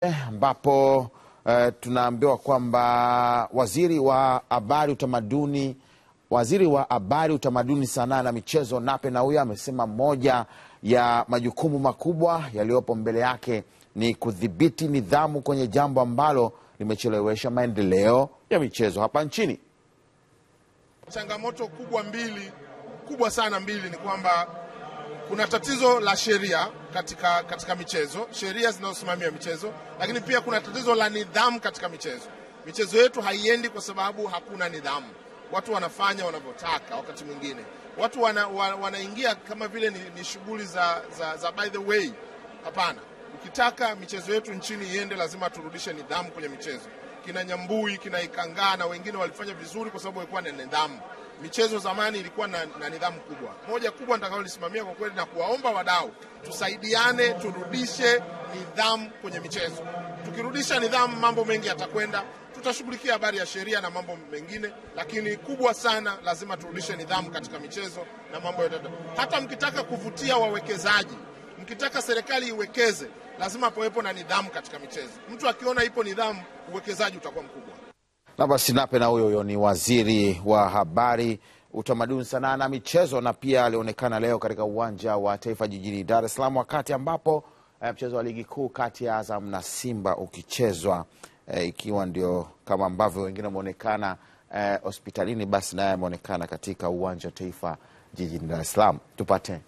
ambapo eh, tunaambiwa kwamba waziri wa habari utamaduni waziri wa habari utamaduni sanaa na michezo Nape huyo amesema moja ya majukumu makubwa yaliyopo mbele yake ni kudhibiti nidhamu kwenye jambo ambalo limechelewesha maendeleo ya michezo hapa nchini. Changamoto kubwa mbili kubwa sana mbili ni kwamba kuna tatizo la sheria katika, katika michezo, sheria zinazosimamia michezo, lakini pia kuna tatizo la nidhamu katika michezo. Michezo yetu haiendi kwa sababu hakuna nidhamu. Watu wanafanya wanavyotaka, wakati mwingine watu wana, wana, wanaingia kama vile ni, ni shughuli za, za, za by the way. Hapana, ukitaka michezo yetu nchini iende, lazima turudishe nidhamu kwenye michezo kina Nyambui, kina Ikangaa na wengine walifanya vizuri kwa sababu walikuwa na nidhamu. Michezo zamani ilikuwa na, na nidhamu kubwa. Moja kubwa nitakayolisimamia kwa kweli na kuwaomba wadau, tusaidiane, turudishe nidhamu kwenye michezo. Tukirudisha nidhamu, mambo mengi yatakwenda. Tutashughulikia habari ya sheria na mambo mengine, lakini kubwa sana, lazima turudishe nidhamu katika michezo na mambo yote. Hata mkitaka kuvutia wawekezaji mkitaka serikali iwekeze, lazima pawepo na nidhamu katika michezo. Mtu akiona ipo nidhamu, uwekezaji utakuwa mkubwa. Na basi nape na huyo huyo ni waziri wa habari utamaduni, sanaa na michezo, na pia alionekana leo katika uwanja wa Taifa jijini Dar es Salaam wakati ambapo eh, mchezo wa ligi kuu kati ya Azam na Simba ukichezwa e, ikiwa ndio kama ambavyo wengine wameonekana eh, hospitalini, basi naye ameonekana katika uwanja wa Taifa jijini Dar es Salaam. Tupate